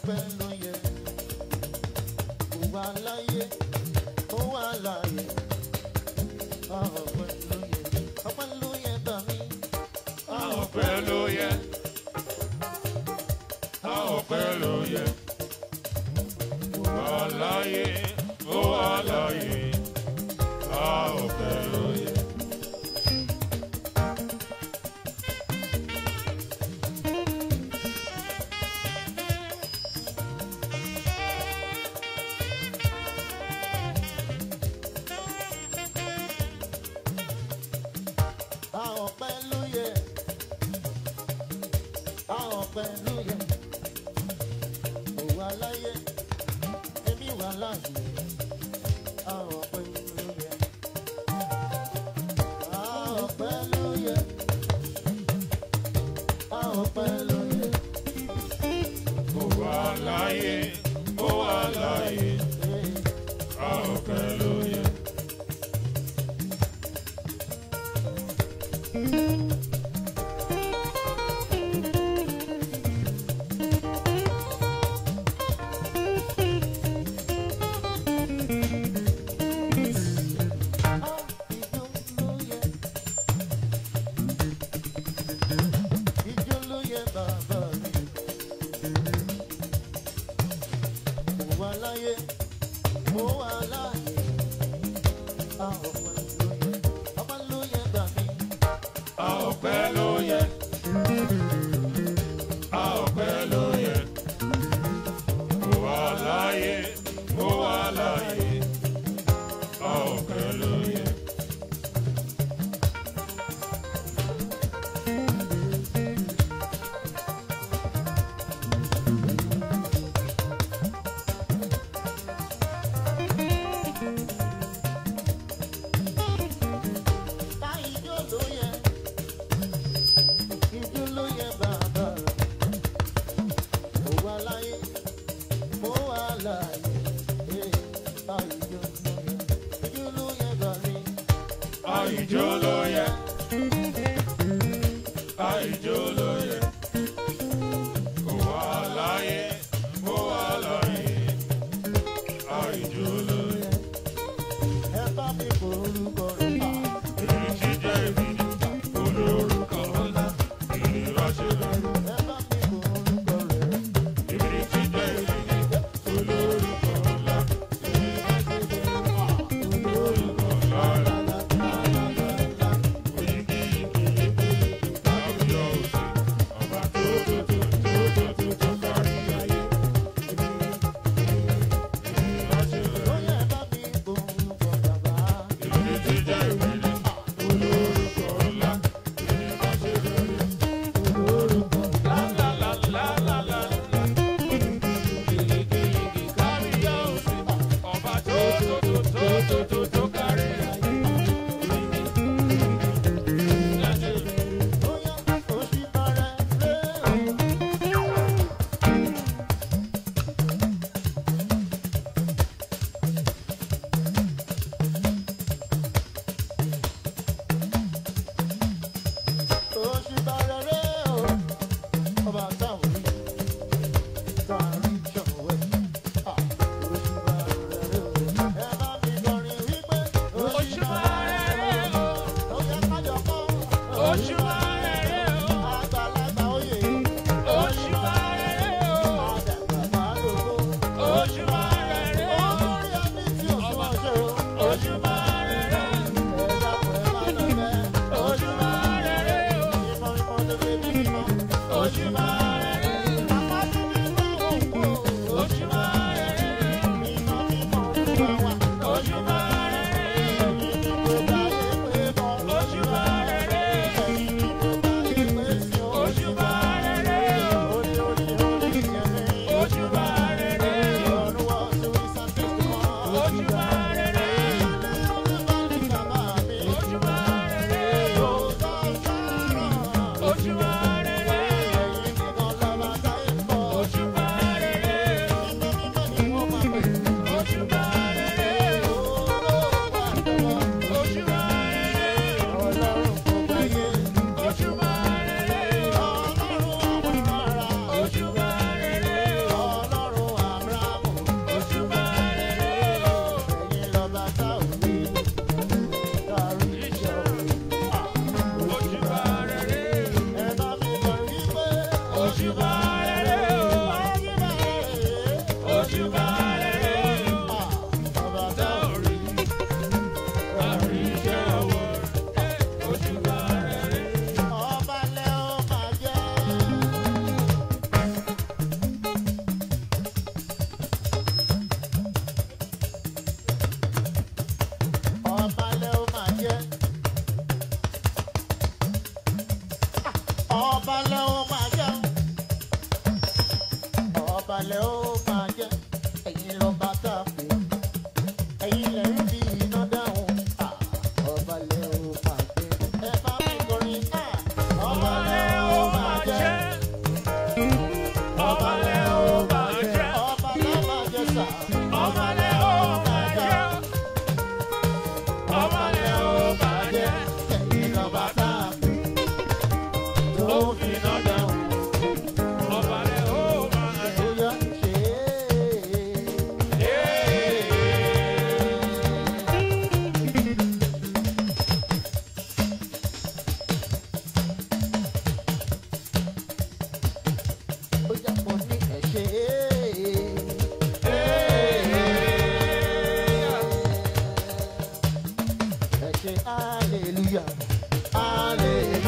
ọpẹ́ ló yẹ láyé. open home. Ijolo. òṣìbàrẹ̀ rẹ̀. Yeah. hello say hallelujah, hallelujah.